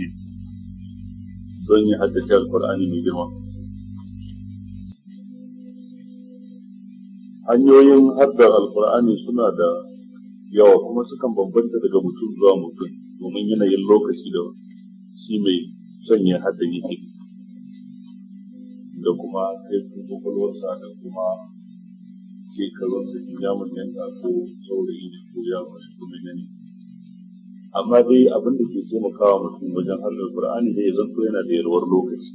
ciki don yi haddace alkur'ani mai girma hanyoyin haddar Alƙur'ani suna da yawa kuma sukan bambanta daga mutum zuwa mutum domin yanayin lokaci da shi mai sanya hada hadda yake da kuma kaifin kwakwalwarsa da kuma shekarunsa ya manyanta ko saurayi da ko yaro ne ko amma dai abin da ke taimakawa mutum wajen harkar qur'ani dai ya to yana da yalwar lokaci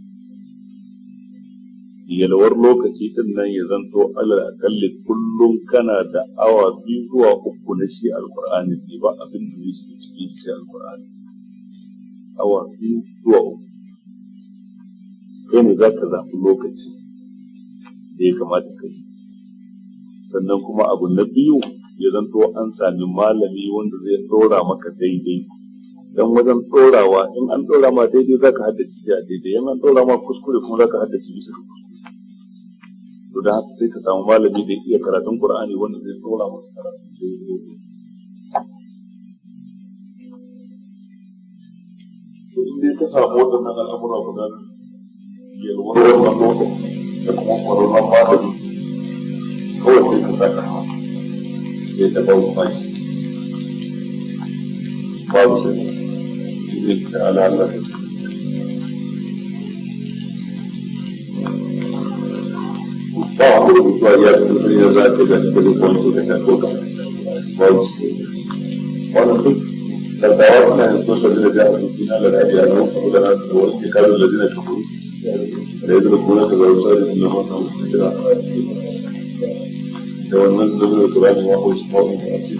yalwar lokaci din nan ya zanto alal akalli kullum kana da awa biyu zuwa uku na shi alqur'ani ne ba abin da zai shi ciki shi alqur'ani awa biyu zuwa uku kai ne za ka zaɓi lokaci da ya kamata ka yi sannan kuma abu na biyu ya zanto an sami malami wanda zai tsora maka daidai dan wajen tsorawa in an tsora ma daidai zaka haddace a daidai in an tsora ma kuskure kuma zaka haddace bisa to da haka sai ka samu malami da iya karatun qur'ani wanda zai tsora maka karatun daidai to in ka samu wadannan al'amura guda yalwar wannan nan da kuma kwaronan malami kawai sai ka saka get the whole thing. واضح يدل على أنه بعض الروايات الأخرى ذات تذكر كنت تشككا واضح ونقول قد عرفنا النصوص الذين جاءت الدين على الأبي أنهم حدنا والانتقال الذين كفروا فيدركون كما يصادف أنهم مسلمون da wannan zuru da ya koyi ko ne ya ce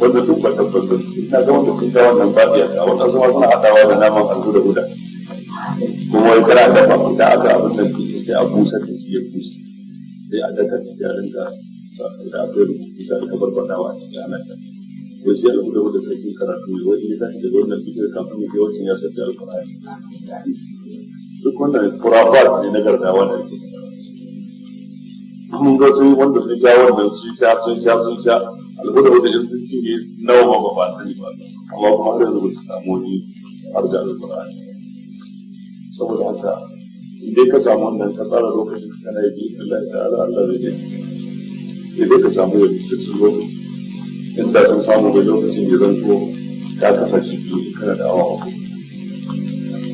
wanda duk wata tabbata ina ga wanda kun ga wannan babiya a wata zuwa suna hadawa da naman allo da guda kuma wai kana da babu da aka abin da ke sai a busa da shi ya busa sai a daka shi ya da da akwai rubutu da aka barbadawa a cikin ana ta ko shi alƙudu da sarki karatu ne wani ya tashi daga wannan fitar kafin ya ke wancan ya sarki alƙur'ani duk wannan kurabat ne na gargawa da ke mun ga sun wanda sun sha wannan sun sha sun sha sun sha al'uda wanda in sun cinye nawa ma ba ba sani ba amma kuma har yanzu ba su samu wani harga alƙur'ani saboda haka in dai ka samu wannan ka tsara lokacin ka na yi Allah ta'ala Allah zai ne sai dai ka samu yadda cikin lokaci in da sun samu da lokacin ya zanto ka kasa ciki kana da awa uku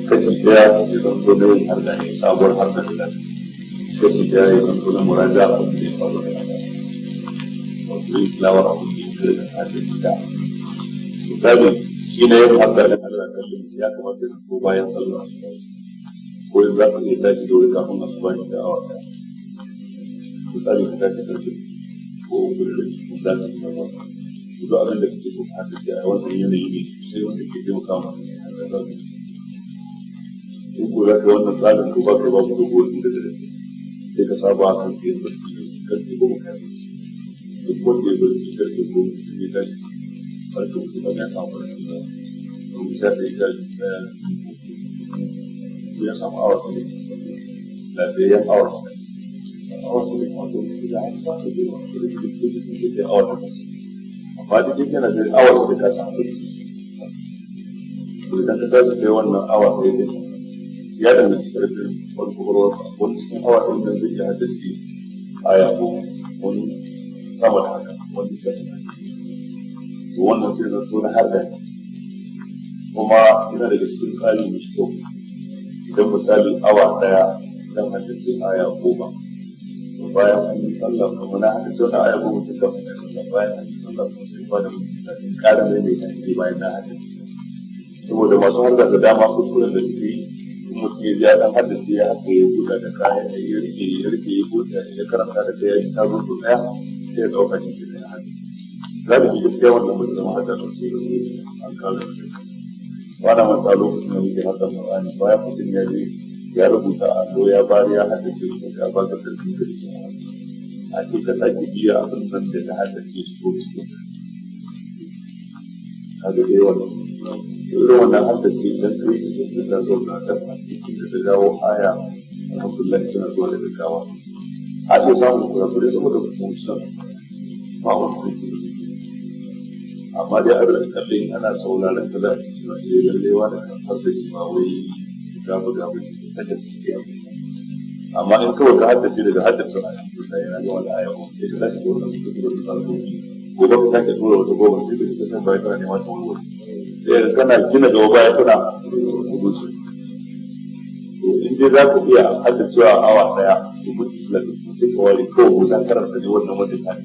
kashi ɗaya ya zanto da yin harga ne sabuwar harga da lafiya اتجاه ان تكون مراجعه من فضلك وتريد تلاوه من كلمه هذه البتاع وبالتالي حين يبحث بين هل اكلم يا كما تنسوا باين صلى كل ذاك اللي يحتاج دورك هم اصبعين في اوقات وبالتالي يحتاج ترتيب وذاك وده أبن لك تكون حاجة في أول أيام يجي شيء وانت كتير مكامل وكل هذا وانا طالب كبار كبار كبار كبار كبار एक साहब आतंकी करके गुम है तो बोलते बोलते करके गुम सीधा और तुम तो मैं काम कर सकता हूँ उनसे देखकर मैं यह सब और से लाते या और से और से और से लाता तो जो और से जो जो और से बाद देखिए ना फिर और से का काम तो इधर का जो है ना और से ya danganci karfin kwalkwabarwarsa wani cikin hawa ɗin nan zai iya haddace aya ko wani sama da haka wani shafi to wannan sai zan so har da kuma yana daga cikin tsari mai kyau idan misali awa ɗaya idan haddace aya goma Ba bayan an yi sallah kuma na haddace wani aya goma ta kafa na sallah bayan an yi sallah kuma sai ba da mutum da ƙara mai mai kan bayan na haddace saboda masu harkar da dama kuskuren da suke yi mutum ya dan haddace ya haka ya buɗa da kaya ya rike ya rike ya buɗa ya karanta da ta yi taro to ɗaya sai ya ɗauka shi ne a hannu galibi gaskiya wannan bai zama hada sosai ba ne an kawo ba na manta lokacin da muke hada mawani bayan mutum ya je ya rubuta a allo ya bari ya haddace su ya ba ka da cikin a cikin ka sake biya abin da ta haddace su ko a da yawa irin wannan asali dan kai da ta zo na da da ta dawo aya alhamdulillah tana zuwa da gaggawa a iya samun kurakure saboda musa ba wani amma dai abin kallon ana sauraron kada a cikin wajen lallewa da kamfar da shi ba wai gabu gabu ne ta tafiye amma in kawai ka haddace daga haddace a cikin yana da wani aya ko sai ka tashi ko wani suka turo da gobe sake tura wata goma sai ka ji kasan baya neman ta wani sai kana gina gaba baya kana rubuce to in dai za ku iya haddacewa awa daya ku mutu suna da sai ka ware kawai wuta karanta wannan wanda ta ne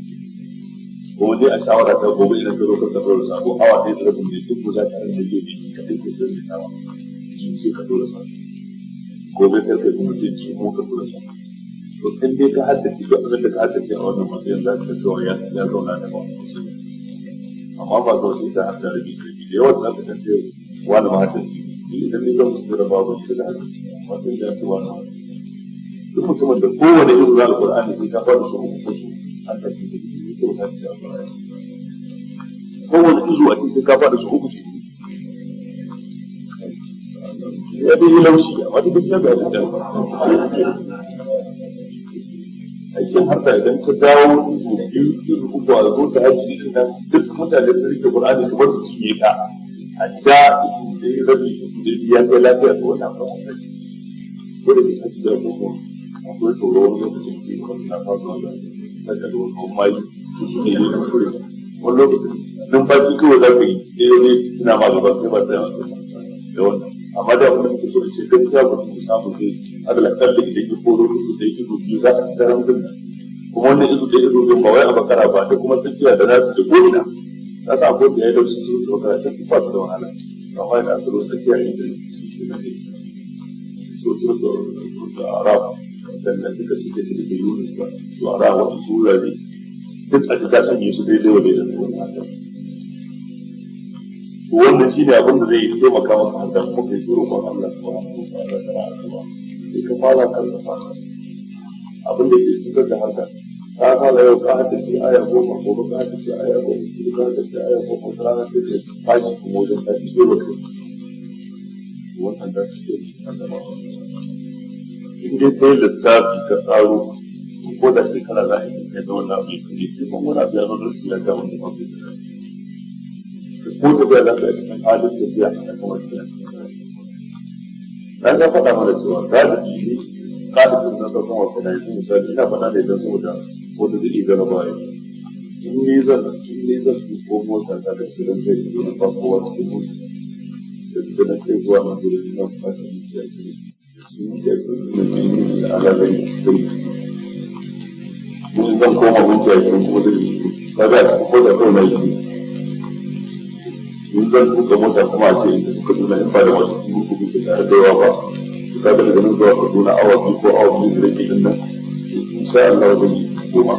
dai a shawara ta gobe idan ka zo ka tsaro awa ɗaya da rabin ne duk wuta karanta ne ne ka dinka zai ka dole sabo gobe karka kuma ka dole to in dai ka haddace duk abin da ka haddace a wannan matsayin za ka cewa ya ya zauna da ba amma ba zuwa sai ta haddace rabi rabi da yawan za ka tace wani ma haddace idan ne zan fito da babu shi da haddace matsayin da ce wani duk mutumin da kowane irin zuwa alkur'ani sai ka fara su uku su haddace da shi ko ta ce alkur'ani kowane izu a cikin ka fara su uku su ya dai yi laushi amma duk da ya ga da aikin harda idan ka dawo ido biyu ido uku a zo ta haji nan duk mutane sun rike Qur'ani kamar su cinye ta a ja ido da ya rabi da ya kai lafiya ta wannan ba wannan ko da haji da gogo akwai tsoro wani lokacin da ya kwanta faɗuwa da ta ga wani mai shi ne ya kure wani lokacin numfashi kawai za ka yi sai ne suna ma gaba sai ba ta da wannan amma da wani da ke so ce gaskiya ba su samu zai alakar da ke ko lokacin da ido biyu za a fitar mutum kuma wannan ido da ido biyu ba wai a bakara ba da kuma tsakiya da nasu da ko'ina za ta akwai da ya dauki su su bakara ta su kwasu da wahala amma da asalo tsakiya ne da shi na kai so su da arab sannan duka su ke da yunus ba su arab wasu sura ne duk a jika sun yi su daidai wa daidai da wani hakan wannan shi ne abin da zai taimaka maka hanzar kuma kai shuru kwan Allah subhanahu wa ta'ala da ra'ayi sai ka fara kan kasa abin da ke fitar da haka ta fara yau ka hada ce aya goma gobe ka hada ce aya goma gobe ka hada ce aya goma rana kuma wajen tashi dole ka wannan da su ke da ba in dai kai littafi ka tsaro ko da shekara za a yi kai da wannan abin ka ne kuma wani abu ya zo da su ya ga wani mafi da ko ta za cikin halin a kan kamar kenan na ka faɗa mana cewa galibi ne kalibin na sauran wasu na yanzu misali ina faɗa da idan saboda wata zuri gana baya in ne zan in ne zan su ko mota ta da kiran kai ne ba cikin mota da su da kai zuwa na gudu ina bukatar mutu ya kiri su ne da su ne da ne da alaƙar kiri zan koma mutu ya kiri kuma da su kaga a cikin kota kawai in zan tuka mota kuma a ce in ka tuna in ba da masu kuma kuma ka tare da yawa ba ka ga daga nan zuwa Kaduna awa biyu ko awa biyu da ke nan insha Allah zan yi goma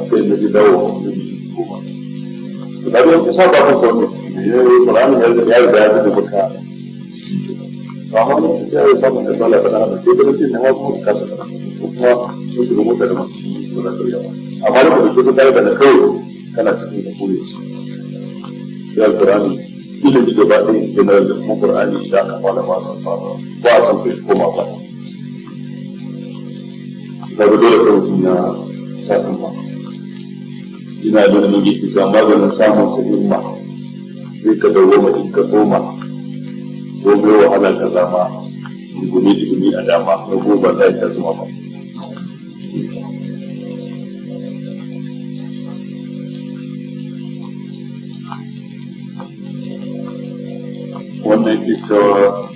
akai na ji dawo zan yi goma to da yau kusa ba kan kwanu ne eh, Qur'ani ya riga ya riga ya riga maka to amma ne ce ya samu da bala bala da ke da ce na wasu ka ko kuma ko kuma mota da masu kuma da yawa amma da ke da kai da kai kana cikin da kuri ya Qur'ani ilimi gaba ɗaya ke na da kuma Qur'ani da aka fara ba ta fara ba a san kai koma ba daga dole sai mutum ya sa kan ba ina da wani gefe ga maganin samun sa himma sai ka dawo ma in ka koma ko mai wahala ka zama gumi-gumi a dama na goba za ta zama ba wannan yake cewa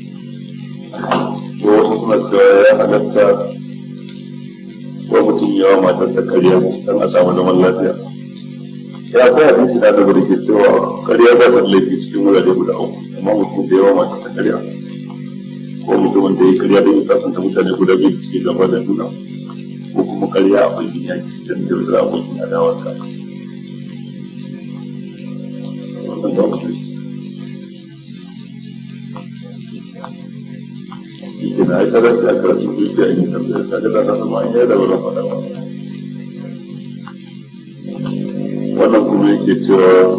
ko wasu suna cewa ya halatta ko mutum yawa matar da karya don a samu zaman lafiya ya kai hadisi da daga da ke cewa karya ba ta laifi cikin wurare guda uku amma mutum da yawa matar da karya ko mutum wanda ya karya don sun ta mutane guda biyu cikin zama da nuna ko kuma karya a bakin yaki don da yaudara abokin adawarsa na yi tsarar da aka rasu zuciya in yi da ta gada da zama in yi da wurin faɗa ba wannan kuma yake cewa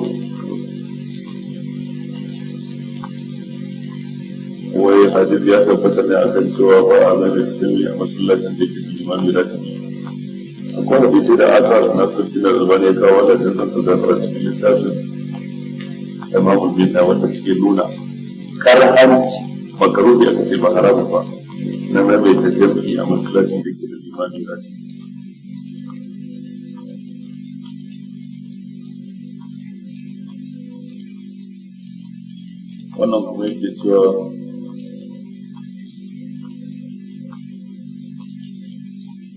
wai hadith ya tabbata ne akan cewa ba a zai da cikin a masallacin da ke liman da akwai hadisi da aka na sarki na albani ya kawo da jinnan su zafara cikin littafin imamu bin na wanda suke nuna karhanci makaruhi aka ce ba haramun ba إنما بين الجمع أمام كلاس ذكر الإمام الراتب wannan kuma yake cewa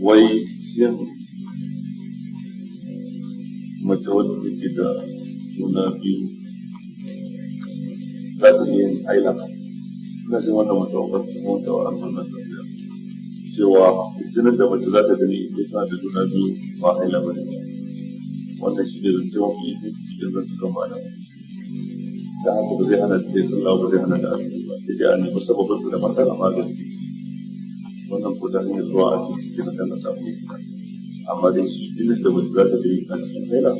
wai shin mace wadda take da suna biyu za ta iya yin aila na shi wannan mace wadda ta wata wa an nuna ta cewa jinin da mace za ta gani ita tana da juna biyu ba haila ba wannan shi ne zance mafi yi cikin zantukan ma'ana da haka ba zai hana ta yi sallah ba zai hana ta azumi ba sai dai a nemi sababin da matar a magani wannan ko ta hanyar zuwa a cikin jinin da na samu amma dai shi jinin da mace za ta gani a cikin haila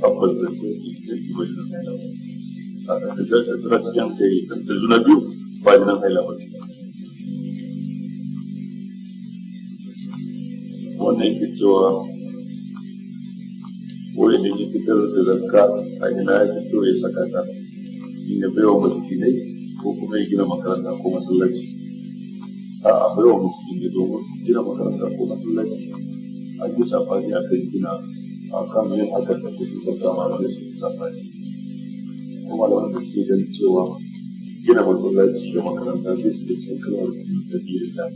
tabbas da ke da shi ba jinin haila ba a cikin jinin haila ba ne wanda yake cewa wai da ke fitar da zarka a ina ya fito ya saka ta inda baiwa ne ko kuma ya gina makaranta ko masallaci a a baiwa ne domin gina makaranta ko masallaci a ji safari a kan gina a kan yin hakan da kuke sauka ma wani su safari kuma da wani ke gan cewa gina masallaci da makaranta zai su da cikin kalmar da ke da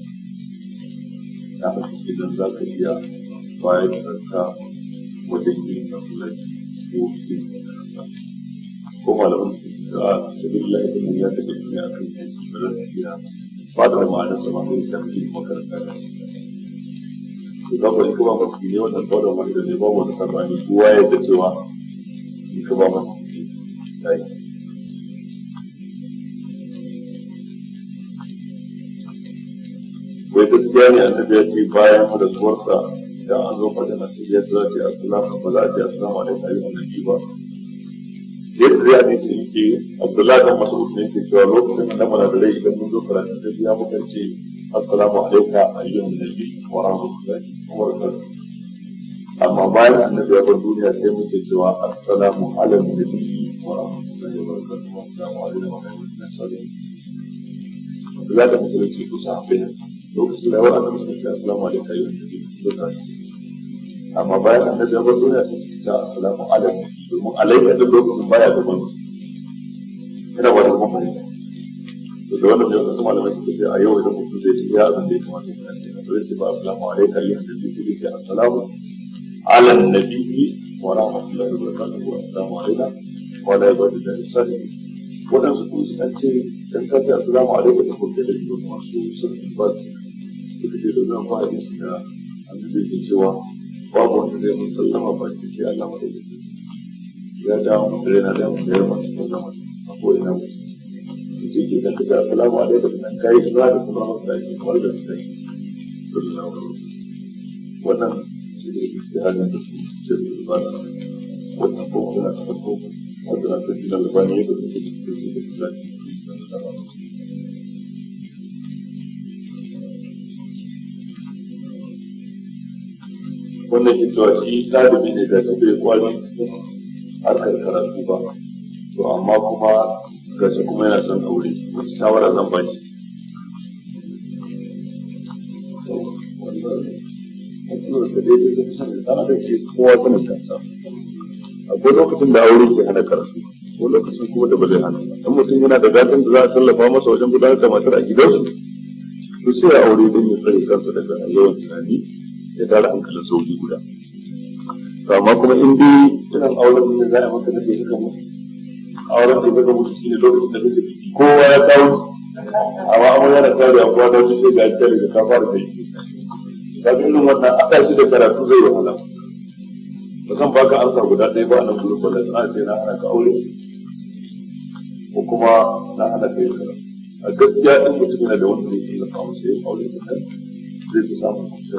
na idan za ka iya bayar da ka wajen yin masallaci ko yin ko malamin da a cikin laifin ya ta gaji ne a kan yanki ba ba da ma'anar sama ko ita kake makaranta da to za ku yi kuma masu ne wannan kawai da ne wani sabani kowa ya da cewa in ka ne wai gaskiya ne annabi ya ce bayan rasuwarsa da an zo fadin asiri ya za ce assalamu ba za a ce assalamu alaikum ayyukan nabi ba yadda zai abin ce ke abdullahi da mas'ud ne ke cewa lokacin da mana da rai idan mun zo karatun da ya muka ce assalamu alaikum ayyukan nabi wa rahmatullahi wa barakatuh amma bayan annabi ya bar duniya sai muke cewa assalamu alal wa rahmatullahi wa barakatuh wa assalamu alaikum wa rahmatullahi wa barakatuh Abdullahi da ke kusa a bayan lokacin da yawa a kan shi assalamu alaikum amma bayan annabi ya bar duniya sai shi ta assalamu alaikum domin alaika duk lokacin baya gaban ina ba da kuma fahimta to da wannan yau kuma malamai suka ce a yau idan mutum zai ce ya abin da ya kamata ya ce a zai ce ba assalamu alaikum yi zuwa ce assalamu ala nabiyyi wa rahmatullahi wa barakatuhu assalamu alaikum wa la yabadu da salihin waɗansu kuma sukan ce dan kafi assalamu alaikum da kuma da masu sun ba su suka ce domin akwai hadisi na annabi ke cewa babu wanda zai mun sallama ba ke Allah ma dai ya da mu dai na da mu dai ma sallama ko ina mu ce ke da kaza alaikum nan kai za da kuma mu da ke kamar da sai sallallahu alaihi wasallam wannan shi ne istihadan da su ce su ba da wannan ta ko wanda ta ji da albani da su ke da su su wanda ke cewa shi ɗalibi ne da bai kwari cikin harkar karatu ba to amma kuma gashi kuma yana son aure shawara zan ba shi akwai lokacin da aure ke hana karatu ko lokacin kuma da ba zai hana dan mutum yana da gatan da za a tallafa masa wajen gudanar da matar a gidansu to sai a aure don ya tsare kansa daga yawan tunani ya an hankalin sauki guda to amma kuma in dai tunan auren da za a maka da kai suka mutu auren da suka mutu shine lokacin da kake ciki kowa ya kawo amma amma yana kawo da kowa da shi ga tare da ka fara kai ka ga irin wannan a sa shi da karatu zai yi wahala ba zan baka amsa guda ɗaya ba a nan kullum ba da sai na hana ka aure ko kuma na hana ka yi a gaskiya ɗin mutum yana da wani zai taimaka masa yin aure da kan zai fi samun kusa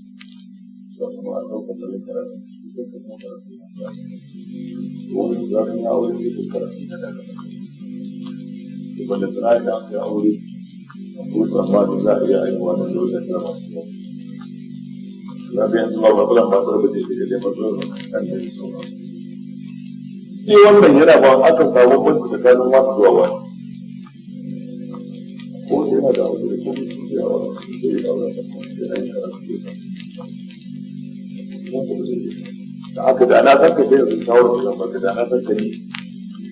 Doamne, Shi wannan yana ba akan samu mutu tsakanin masu zuwa wani. Ko yana da aure ko da da da aka da na san ka yanzu shawar da zan baka da na san ni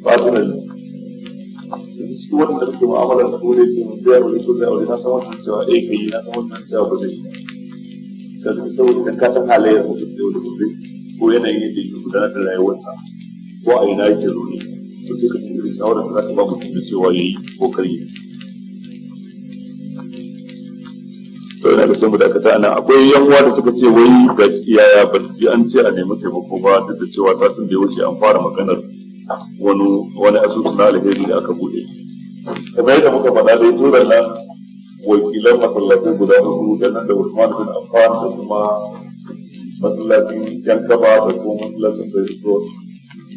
ba su da shi wanda kake mu'amala da dole ce mun da aure ko da aure na san wannan cewa eh kai na san wannan cewa ba zai ka da saboda ka san halayen mutum da yau da gobe ko yanayin yadda yake gudanar da rayuwarsa ko a ina yake zo ne to sai ka tunani shawarar da za ka ba mutum da cewa yi ko kar to yana da sai mu dakata anan akwai yan uwa da suka ce wai ga kiyaya ba ji an ce a nemi taimako ba duk da cewa ta sun da wuce an fara maganar wani wani asusu na alheri da aka bude kamar yadda muka faɗa dai turan nan wakilan masallatai guda hudu jannan da Usman bin Affan da kuma masallacin yan kaba da kuma masallacin da Yusuf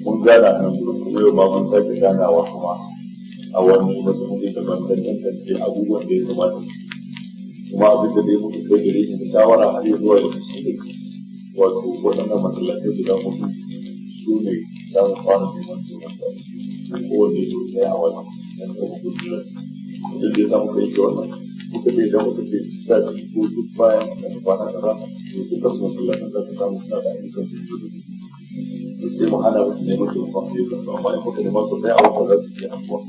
mun gana nan gurin kuma yau ma mun sake ganawa kuma a wani masu mutum da ban tantance abubuwan da ya kamata kuma abin da dai muka kai gare shi da shawara har yi zuwa yanzu shi ne wato waɗannan masallatai guda hudu su ne za mu fara neman sunan da kowanne zo ɗaya a wannan yan kuma gudunar da zai samu kai ke wannan muka ce idan muka ce za su ko duk bayan da kwana da rana to duka su masallatan za su samu suna da ayyukan da su to sai mu hana musu neman su kuma ayyukan su amma in muka neman su ɗaya a wannan za su ke abuwa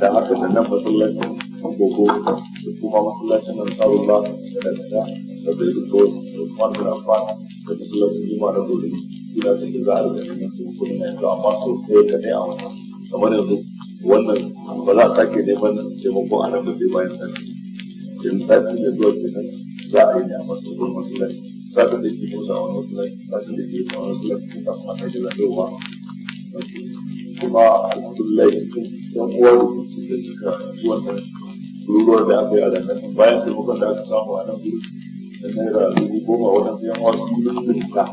da haka da nan masallacin agogo da kuma masallacin nan sabon ba da daga da bai rito da kuma da rafan da duk lokacin jima na gobe ina da za a rika cikin su kuma na yanzu amma so sai ka ne a wannan kamar yanzu wannan ba za sake neman taimakon a nan ba bayan sati in sati ne zuwa nan, za a yi ne a masu gurin masallaci za ta da ke musa a wani masallaci za ta da ke a wani masallaci ta kuma ta gina yawa kuma alhamdulillah yanzu yan uwa da suka zuwa da ruruwar da aka yi a nan bayan taimakon da aka samu a nan da naira dubu goma waɗansu yan wasu da suka shiga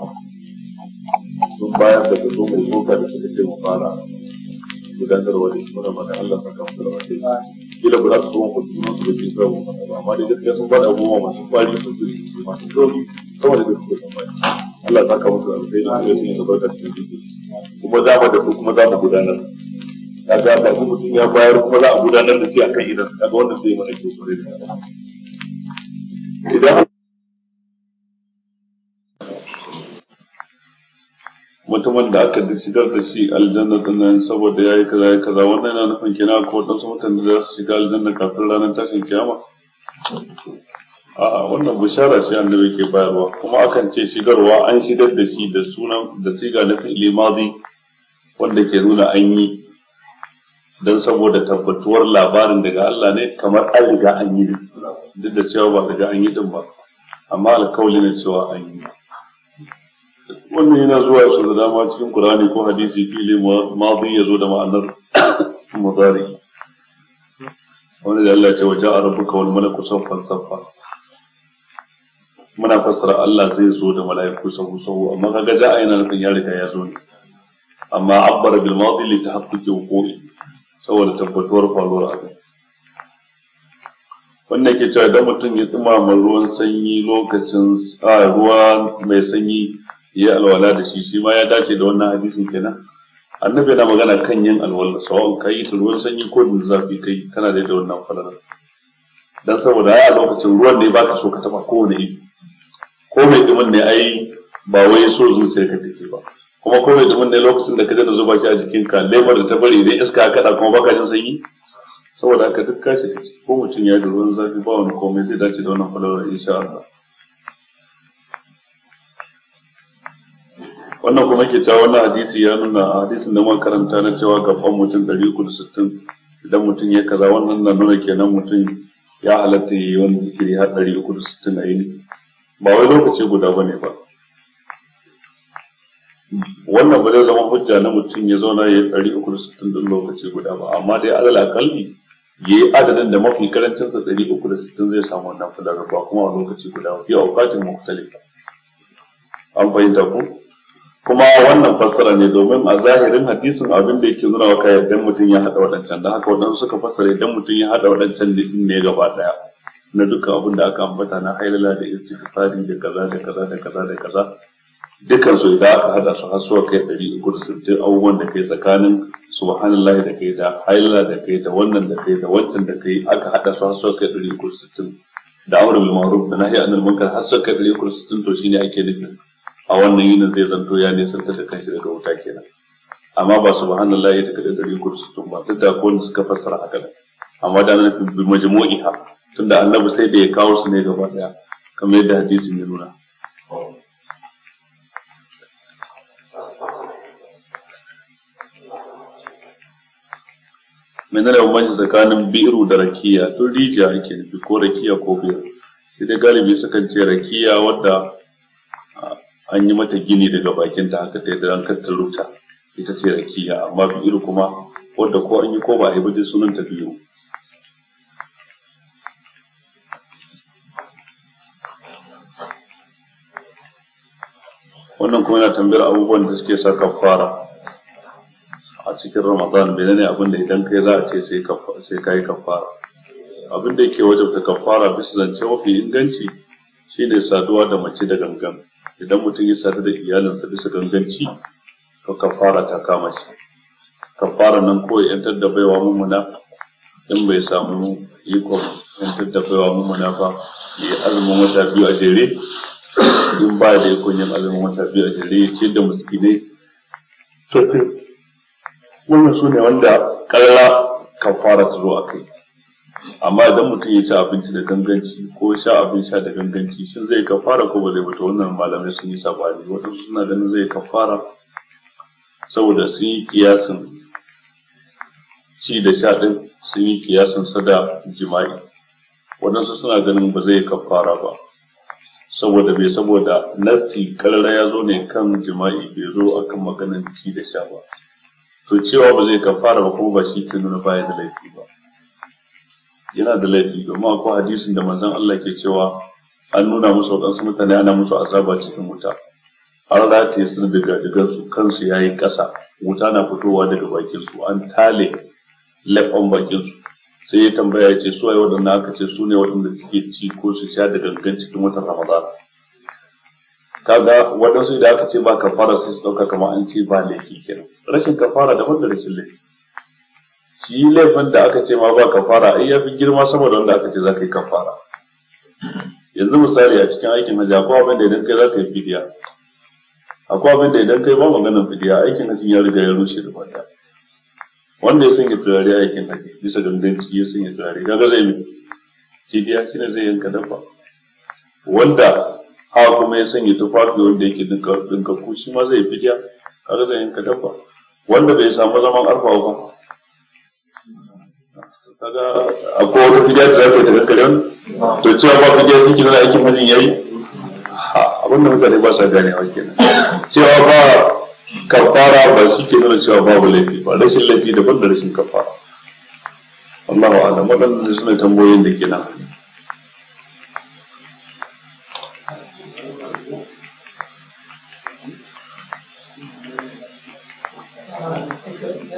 sun bayar da kaso mai tsoka da suka ce mu fara gudanarwa da kuma rama Allah saka musu da wace kila ba su koma kudu masu da jin sabon mana ba amma dai gaskiya sun bada goma masu kwari sun su masu sauri kawai da gaske sun bada Allah saka musu da wace na hanyar ne yi albarka cikin jiki kuma za mu da kuma za mu gudanar. ga ba ku mutum ya bayar kuma za a gudanar da shi a kan idan ga wannan zai mana kyau kwarai da idan mutumin da aka shigar da shi aljanna dinnan saboda ya yi kaza ya kaza wannan yana nufin kina ko wadansu mutane da za su shiga aljanna kafin ranar tashin kiyama a'a wannan bishara ce annabi ke bayarwa kuma akan ce shigarwa an shigar da shi da sunan da siga na fi'li madi wanda ke nuna an yi don saboda tabbatuwar labarin daga Allah ne kamar an riga an yi duk da cewa ba riga an yi din ba amma alkawali ne cewa an yi wannan yana zuwa su da dama cikin Qur'ani ko hadisi fili madin ya zo da ma'anar mudari wani da Allah ya ce wa ja'a rabbuka wal malaku saffan saffa muna fassara Allah zai zo da mala'iku sahu sahu amma kaga ja'a yana nufin ya riga ya zo ne amma abbar bil madi li tahaqqiqi wuqu'i saboda tabbatuwar faruwar abin wannan ke cewa idan mutum ya dumama ruwan sanyi lokacin a ruwa mai sanyi ya alwala da shi shi ma ya dace da wannan hadisin kenan annabi yana magana kan yin alwala sawa'un kai, su ruwan sanyi ko da zafi kai kana da wannan falala dan saboda a lokacin ruwan ne baka so ka taba kowane ko mai dumin ne ai ba wai so zuciyar ka take ba kuma ko mai dumin ne lokacin da ka da zuba shi a jikinka lemar da ta bari idan iska ya kaɗa kuma baka jin sanyi saboda haka duk kashi ko mutum ya da ruwan zafi ba wani komai zai dace da wannan falawar insha Allah wannan kuma ke cewa wannan hadisi ya nuna a hadisin da muka karanta na cewa gaban mutum 360 idan mutum ya kaza wannan na nuna kenan mutum ya halatta yi wani zikiri har 360 a yini ba wai lokaci guda bane ba wannan ba zai zama hujja na mutum ya zauna ya yi ɗari uku da sittin ɗin lokaci guda ba amma dai alal akalli ya yi adadin da mafi karancin sa ɗari uku da sittin zai samu wannan falalar ba kuma a lokaci guda fi a wakacin mukhtalifa an fahimta ku kuma wannan fassara ne domin a zahirin hadisin abin da yake nuna wa ka idan mutum ya haɗa waɗancan da haka waɗansu suka fassara idan mutum ya haɗa waɗancan ne gaba ɗaya na dukkan abin da aka ambata na hailala da istighfari da kaza da kaza da kaza da kaza dukkan su idan aka haɗa su har suwa kai ɗari uku da sittin abubuwan da kai tsakanin subhanallahi da kai da haila da kai da wannan da kai da wancan da kai aka haɗa su har suwa kai ɗari uku da sittin da amru bil ma'ruf da nahi anil munkar har suwa kai ɗari uku da sittin to shine ake nufin a wannan yinin zai zanto ya nisanta da kanshi daga wuta kenan amma ba subhanallahi da kai ɗari uku da sittin ba duk da kowanne suka fassara haka nan amma da nufin bi majmu'iha tunda annabi sai da ya kawo su ne gaba daya kamar yadda hadisin ya nuna menene bambanci tsakanin biru da rakiya to rijiya ake nufi ko rakiya ko biru sai dai galibi sukan ce rakiya wadda an yi mata gini daga bakinta haka ta yadda an kattaruta ita ce rakiya amma biru kuma wadda ko an yi ko ba a yi ba sunan ta biyu? wannan kuma yana tambayar abubuwan da suke sa kafara a cikin ramadan bai ne abin da idan kai za a ce sai ka yi kafara abin da yake wajabta kafara bisa zance mafi inganci shine saduwa da mace da gangan idan mutum ya sadu da iyalinsa bisa ganganci to kafara ta kama shi kafara nan ko ya yantar da baiwa mummuna in bai samu ikon yantar da baiwa mummuna ba ya yi azumin wata biyu a jere in ba da ikon yin azumin wata biyu a jere ya ce da muskine. wannan su ne wanda ƙarra kan fara ta zo a kai amma idan mutum ya ci abinci da ganganci ko sha abin sha da ganganci shin zai kafara ko ba zai fita wannan malamai sun yi sabani waɗansu suna ganin zai kafara saboda sun yi kiyasin ci da sha ɗin sun yi kiyasin sa da jima'i waɗansu suna ganin ba zai kafara ba saboda bai saboda nassi kalara ya zo ne kan jima'i bai zo akan maganin ci da sha ba to cewa ba zai kafara ba kuma ba shi ke nuna baya da laifi ba yana da laifi domin akwai hadisin da manzon Allah ke cewa an nuna musu waɗansu mutane ana musu azaba cikin wuta har da ta yi sun daga su kansu ya yi ƙasa wuta na fitowa daga bakin su an tale laifin bakin su sai ya tambaya ya ce su waɗanda aka ce su ne waɗanda suke ci ko su sha da gangan cikin watan ramadana kaga waɗansu da aka ce ba kafara sun su ɗauka kamar an ce ba laifi kenan rashin kafara da da rashin laifi shi laifin da aka ce ma ba kafara ai yafi girma sama da wanda aka ce za ka yi kafara yanzu misali a cikin aikin hajji akwai abin da idan kai za ka yi fidiya akwai abin da idan kai ba maganar fidiya aikin hajji ya riga ya rushe da kwata wanda ya sanya turare aikin hajji bisa ganganci ya sanya turare kaga zai yi fidiya ne zai yanka dabba wanda ha kuma ya sanya tufafi wanda yake dinkakku shi ma zai fidiya kaga zai yanka dabba wanda bai samu zaman arfa ba kaga akwai wata fidya da zaka ka yi ta kankare to cewa ba fidya sun nuna aikin hajjin yayi abin da mutane ba sa a kenan cewa ba kafara ba shi ke nuna cewa babu laifi ba rashin laifi daban da rashin kafara Allahu a'lam waɗannan suna tambayoyin da ke nan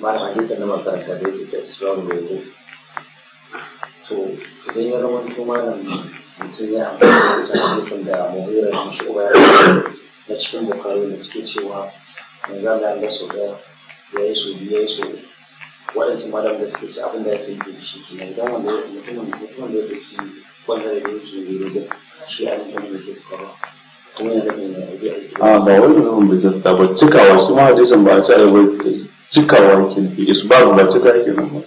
malama na makaranta da yake da islamu to idan ya zama to malam mutum ya amfani da tarihin da muhirar da shi uba na cikin bukari da suke cewa mai zama ya sau da ya yi sau biya ya waɗansu malam da suke ce abin da ya fi yi shi ke nan idan wanda mutumin mutumin da ya fi wanda ya fi yi da shi a mutum da ke kawo kuma yana da mai aiki a ba wani mutum da ta ba cikawa su ma ba a ci a yi cikawa yake nufi isbaru ba cika yake nufi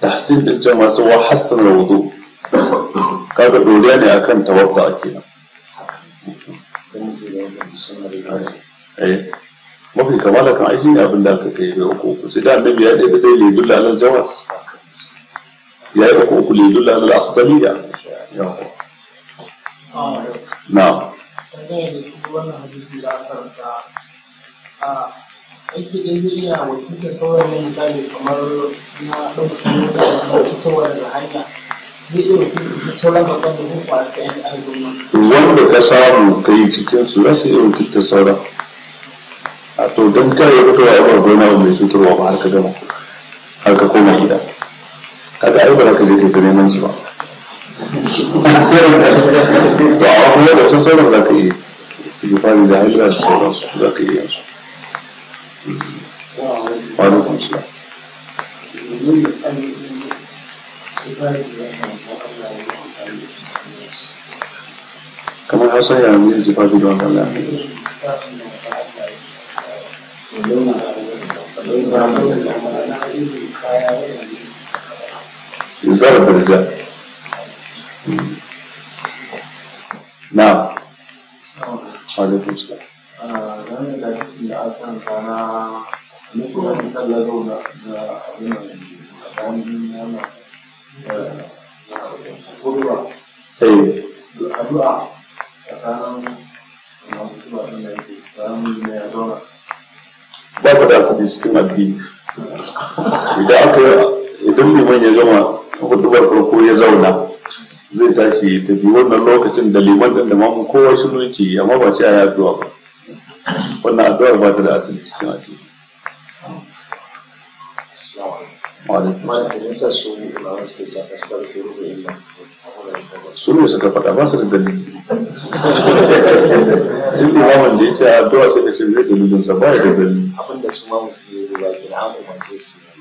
tahsin din ce masu wa hassan wudu kaga doriya ne akan tawaffa ake nan eh, mafi kamala kan aiki ne abin da aka kai bai uku uku sai da annabi ya ɗaya da lidul alal jawas ya yi uku uku lidul alal asbaliya na da aiki da zai iya wakiltar kawai na misali kamar na ɗauki na fitowa daga hanya zai iya wakiltar sauran babban da ko a tsayin al'umma. wanda ka samu ka yi cikin su za su iya wakiltar sauran a to don kare fitowa a bar gona mai cutarwa ba har ka gama har ka koma gida kaga ai ba za ka je ka neman su ba to a wani lokacin sauran za ka iya istighfari da hajjira da sauransu za ka iya yansu وعليكم السلام kamar hausa ya yi ji faɗi don Allah zara farja na alaikum salam don rigakafin da abin tsakanin da da addu'a tsakanin da yake Ba ku da asali cikin addini. Idan aka idan liman ya zama hudubar farko ya zauna zai tashi ta tafi wannan lokacin da liman ɗin da mamu kowa shi amma ba ce a yi addu'a ba. wannan addu'ar ba ta da asali cikin addini su ne suka faɗa ba su da dalili sun ya ce addu'a sai da ba ya da dalili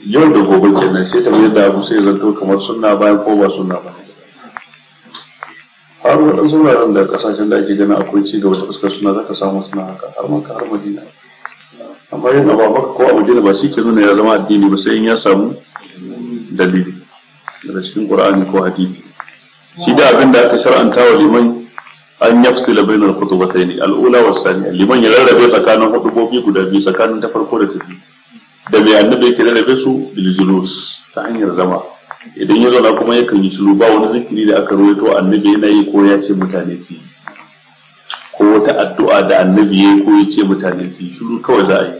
yau da gobe kenan sai ta mai da abu sai zanto kamar suna bayan ko ba suna ba har waɗansu wuraren da kasashen da ake ganin akwai ci ga ta fuskar suna zaka samu suna haka har maka har madina amma yin abu ko a madina ba shi ke nuna ya zama addini ba sai in ya samu dalili daga cikin qur'ani ko hadisi shi da abin da aka shar'anta wa liman an yafsila bainal khutbatayn al-ula was thaniya liman ya rarrabe tsakanin hudubobi guda biyu tsakanin ta farko da ta da mai annabi yake rarrabe su bil julus ta hanyar zama idan ya zauna kuma yakan yi shiru ba wani zikiri da aka rawaito annabi yana yi ko ya ce mutane su yi ko wata addu'a da annabi ya yi ko ya ce mutane su yi shiru kawai za a yi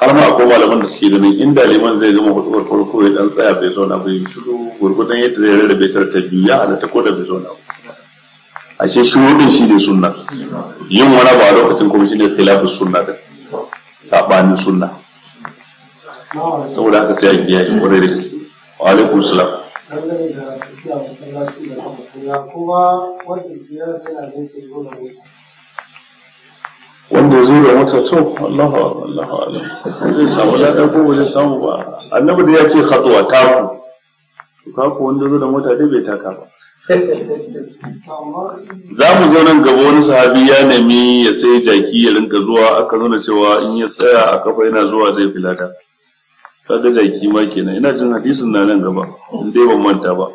har ma akwai malaman da suke ganin inda liman zai gama hudubar farko ya dan tsaya bai zauna bai shiru gurgudan yadda zai rarrabe ta ta biyu ya halatta ko da bai zauna ba ashe shiru din shi ne sunna yin wani ba a lokacin kuma shi ne filafin sunna da sabanin sunna saboda haka sai a biya yi kwarai da wa alaikum salam da masallaci da kuma kuma wanda ziyarar yana nesa zo da mota wanda zai ga mata to Allah Allah Allah zai samu lada ko ba zai samu ba annabi da ya ce khatwa taku to kaku wanda zai da mota dai bai taka ba za mu zo nan gaba wani sahabi ya nemi ya sai jaki ya rinka zuwa aka nuna cewa in ya tsaya a kafa yana zuwa zai filata. lada kaga jaki ma kenan ina jin hadisin na nan gaba in dai ban manta ba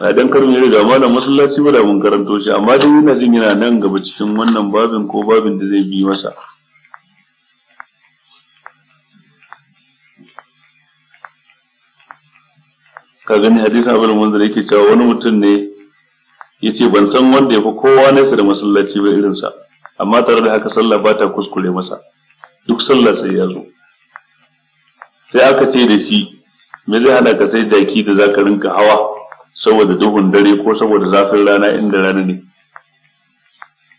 a dan karin yare ga malam masallaci ba da mun karanto shi amma dai ina jin yana nan gaba cikin wannan babin ko babin da zai bi masa ka gani hadisin abin munzir yake cewa wani mutum ne ya ce ban san wanda ya fi kowa nesa da masallaci ba irinsa amma tare da haka sallah ba ta kuskure masa duk sallah sai ya zo sai aka ce da shi me zai hana ka sai jaki da zaka rinka hawa saboda duhun dare ko saboda zafin rana inda rana ne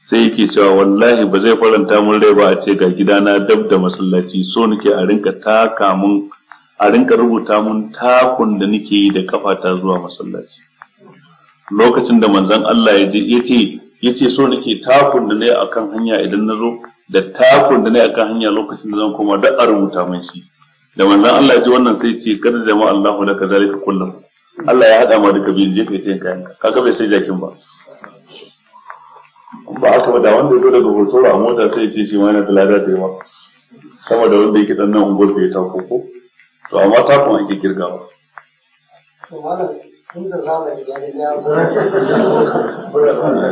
sai yake cewa wallahi ba zai faranta mun rai ba a ce ga gidana dab da masallaci so nake a rinka taka mun a rinka rubuta mun takun da nake yi da kafata zuwa masallaci lokacin da manzon Allah ya je yace yace so nake takun da ne akan hanya idan na zo da takun da ne akan hanya lokacin da zan koma da a rubuta min shi da manzon Allah ya ji wannan sai ce kada jama'a Allahu laka zalika kullum. Allah ya hada ma duka biyu je kai tayin kayan kaga bai sai jakin ba ba aka bada wanda ya zo daga hoto a mota sai ce shi ma yana da lada da yawa sama da wanda yake dan nan unguwar da ya tako ko to amma takun ake kirgawa to malam Tunda zamani ya misali ya daga zuwa nan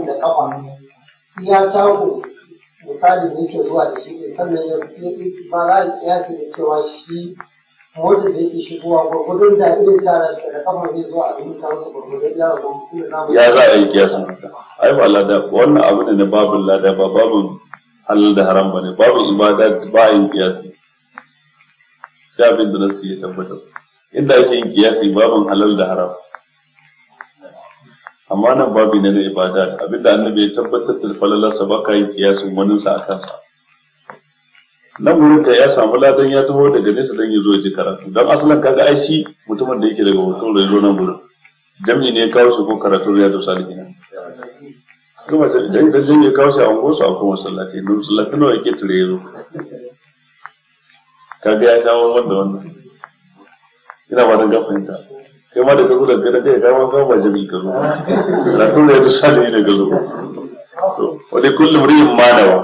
da kafa iya tako misali da zuwa da ne sannan ya ba za a da cewa shi motar da yake shigowa gwargwadon da irin da zai zuwa a duniya wasu gwargwadon ya a ba wannan abu ne na lada ba babin halal da haram ba ne ibada ba yin kiyasi sai abin da nasu ya tabbatar inda ake yin kiyasi babin halal da haram amma nan babi ne na ibada abin da annabi ya tabbatar da falalarsa ba ka yin kiyasin waninsa a kansa nan wurin ka ya samu ladan ya taho daga nesa don ya zo ya ji karatu don asalin kaga ai shi mutumin da yake daga hoton da ya zo nan wurin jami'i ne ya kawo su ko karatu ya zo salihin kuma idan ka jami'i ya kawo shi a unguwarsu a kuma masallaci don masallaci nawa yake tare ya zo kaga ya shawo wanda wannan ina ba don gafinta kai ma da kazo da gada kai kai ma ka ba jami ka zo na tun da sani ne ka zo to wa li kulli mri'in ma nawa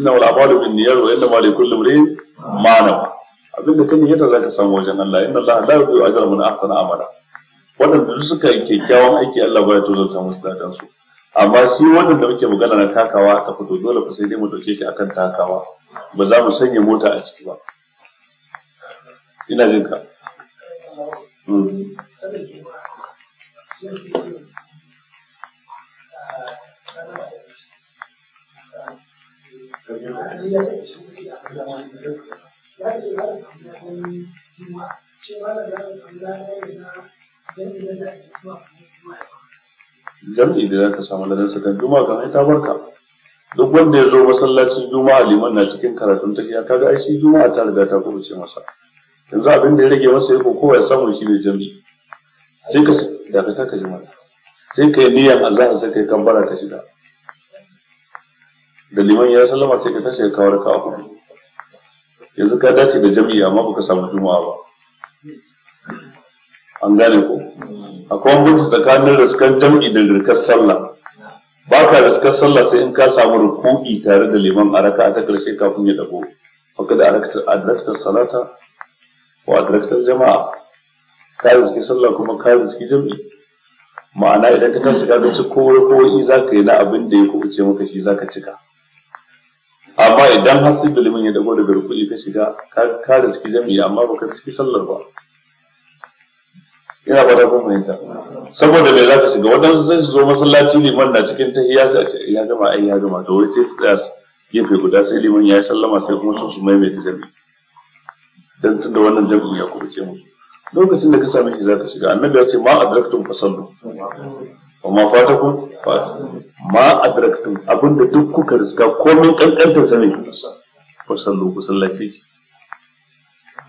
inna wal a'malu bin niyyat wa inna ma da kulli mri'in ma nawa abinda kan yi za ka samu wajen Allah inna Allah la yudiyu ajra man ahsana amala Wannan duk suka yi kyakkyawan aiki Allah ba ya tozarta musu dadan su amma shi wannan da muke magana na takawa ta fito dole fa sai dai mu dauke shi akan takawa ba za mu sanya mota a ciki ba ina jin ka hmm. Jami'i da za ka samu ladan sakan juma'a kan ai ta barka. duk wanda ya zo masallacin juma'a liman na cikin karatun ta iya kaga ai shi juma'a ta riga ta kuma masa yanzu abin da ya rage masa yako kowa ya samu shi ne Jami. sai ka dakata ka ji mana sai ka yi niyyar azan sai ka yi kambara ka shiga da liman ya sallama sai ka tashi ka kawar ka abu yanzu ka dace da jami'i amma baka samu juma'a ba an gane ko akwai wani tsakanin riskan jami'i da rikar sallah ba ka riskar sallah sai in ka samu ruku'i tare da liman a ta karshe kafin ya dago faqad adrakta salata ko adrakta jama'a ka riski sallah kuma ka riski jami'i ma'ana idan ka kasa ka ci ko za ka yi na abin da ya kubuce maka shi za ka cika amma idan har sai da liman ya dago daga ruku'i ka shiga ka riski jami'i amma ba ka riski sallar ba ina ba da kun fahimta saboda me zaka shiga waɗansu sai su zo masallaci liman na cikin tahiyya sai ce ya gama ai ya gama to wai sai su tsaya gefe guda sai liman ya sallama sai kuma su su maimaita jami'i dan tunda wannan jami'i ya kubuce musu lokacin da ka same shi zaka shiga annabi ya ce ma adraktum fasallu amma fata fatakum ma adraktum abinda duk kuka riska komai kankantar sa ne fasallu ku sallace shi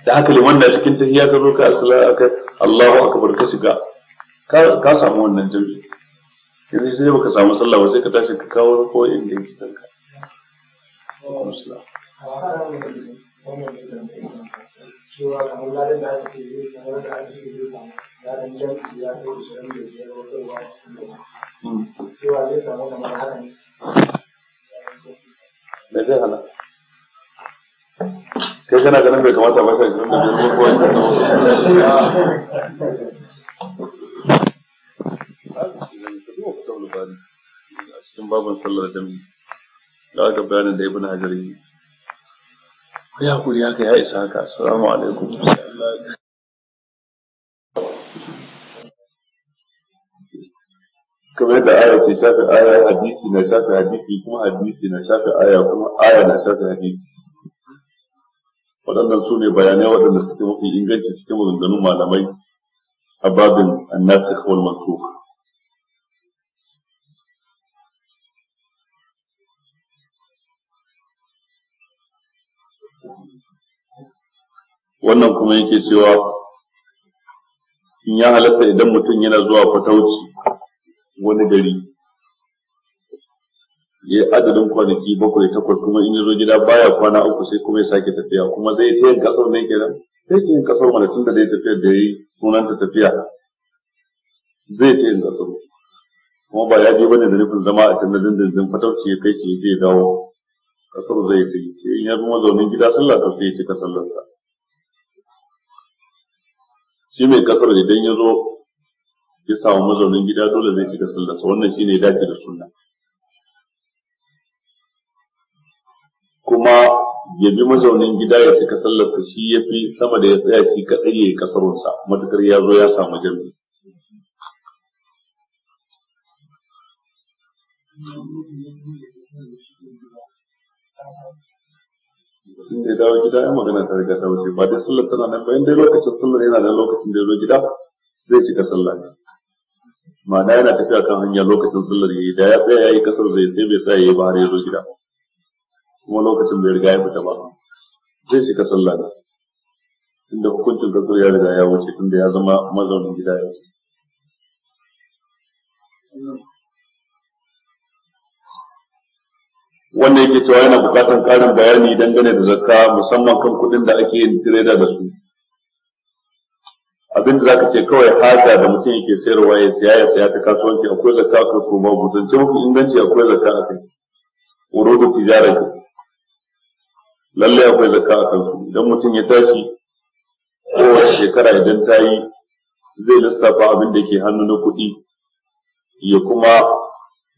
da haka liman na cikin tahiyya ka zo ka asala aka Allahu akbar ka shiga ka samu wannan jami'i yanzu sai baka samu sallah ba sai ka tashi ka kawo ko inda yake kanka da Thank you. kai kana ganin bai kamata ba sai da biyar ko a cikin babin sallar jami'i da aka bayanin da ibn hajar yi ya kuri haka ya isa haka assalamu alaikum Kuma yadda aya ke aya hadisi na shafe hadisi kuma hadisi na shafi aya kuma aya na hadisi waɗannan su ne bayanai waɗanda suke mafi inganci cikin maganganun malamai a babin annasikh kawal masu wannan kuma yake cewa in ya halatta idan mutum yana zuwa fatauci wani gari ya adadin kwanaki bakwai takwas kuma in ya zo gida baya kwana uku sai kuma ya sake tafiya kuma zai ta yin kasar ne kenan sai ta yin kasar mana tun da zai tafiya da ya yi sunan ta tafiya zai ta yin kasar kuma ba ya je bane da nufin zama a can da dindindin fatauci ya kai shi zai dawo kasar zai ta yi in ya zama zaunin gida sallah ta sai ya cika sallarsa shi mai kasar idan ya zo ya samu mazaunin gida dole zai cika sallarsa wannan shine ya dace da sunna kuma ya bi mazaunin gida ya cika ta shi ya fi sama da ya tsaya shi kaɗai ya yi kasarunsa matukar ya zo ya samu jami. in da dawo gida ya magana ta riga ta wuce ba dai sallar tana nan bayan dai lokacin sallar yana da lokacin da ya zo gida zai cika sallar ne ma'ana yana tafiya kan hanya lokacin sallar ya yi da ya tsaya ya yi kasar zai sai bai tsaya ya yi ba har ya zo gida kuma lokacin bai riga ya fita ba zai shiga sallah da inda hukuncin kasar ya riga ya wuce tunda ya zama mazaunin gida ya ce wannan yake cewa yana bukatar karin bayani dangane da zakka musamman kan kuɗin da ake yin tireda da su abin da zaka ce kawai haja da mutum yake sayarwa ya siya ya siya ta kasuwanci akwai zakka ko kuma mutunci mafi inganci akwai zakka a kai wurin tijara lallai akwai zakka a kansu idan mutum ya tashi kowace shekara idan ta yi zai lissafa abin da ke hannu na kuɗi ya kuma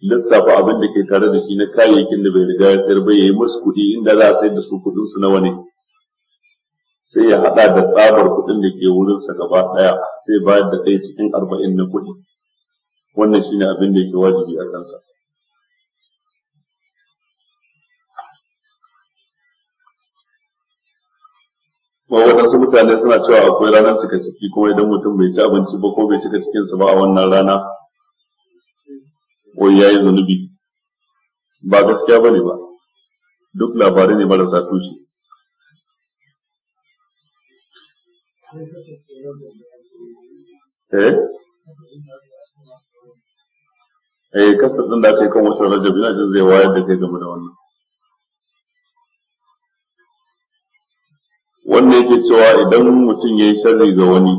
lissafa abin da ke tare da shi na kayayyakin da bai riga ya sayar ba ya yi musu kuɗi inda za a sayar da su kuɗin su nawa ne sai ya haɗa da tsabar kuɗin da ke wurinsa gaba ɗaya sai bayar da ɗaya cikin arba'in na kuɗi wannan shine abin da yake wajibi a kansa ma waɗansu mutane suna cewa akwai ranar cika ciki ko idan mutum bai ci abinci ba ko bai cika cikinsa ba a wannan rana ko ya zunubi ba gaskiya ba ne ba duk labarai ne marasa tushe eh eh kasar ɗin da aka yi kan wasu rajab yana jin zai wayar da kai game da wannan wanda yake cewa idan mutum ya yi sharri ga wani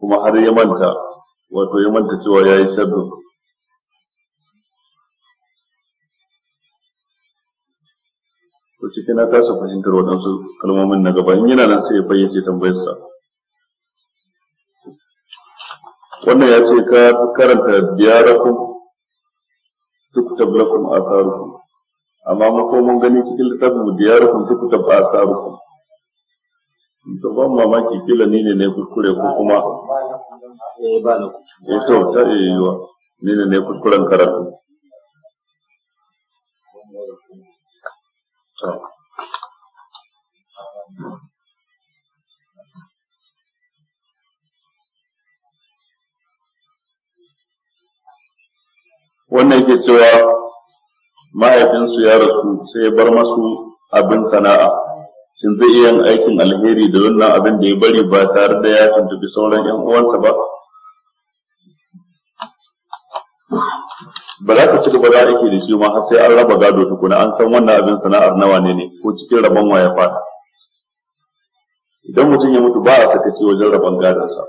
kuma har ya manta wato ya manta cewa ya yi sharri to ciki na kasa fahimtar waɗansu kalmomin na gaba in yana nan sai ya fayyace tambayarsa wannan ya ce ka karanta diyarakum duk a asarukum amma mu ko mun gani cikin littafin mu diyarukum tukutab asarukum to ban mamaki kila ni ne ne kuskure ko kuma eh to ta iya yiwa ni ne ne kuskuren karatu wannan ke cewa mahaifinsu ya rasu sai ya bar masu abin sana'a shin zai iya yin aikin alheri da wannan abin da ya bari ba tare da ya tuntubi sauran yan uwansa ba ba za ka ci gaba da aiki da shi ma har sai an raba gado tukuna an san wannan abin sana'ar nawa ne ne ko cikin rabon waya fada idan mutum ya mutu ba a sakaci wajen rabon gadonsa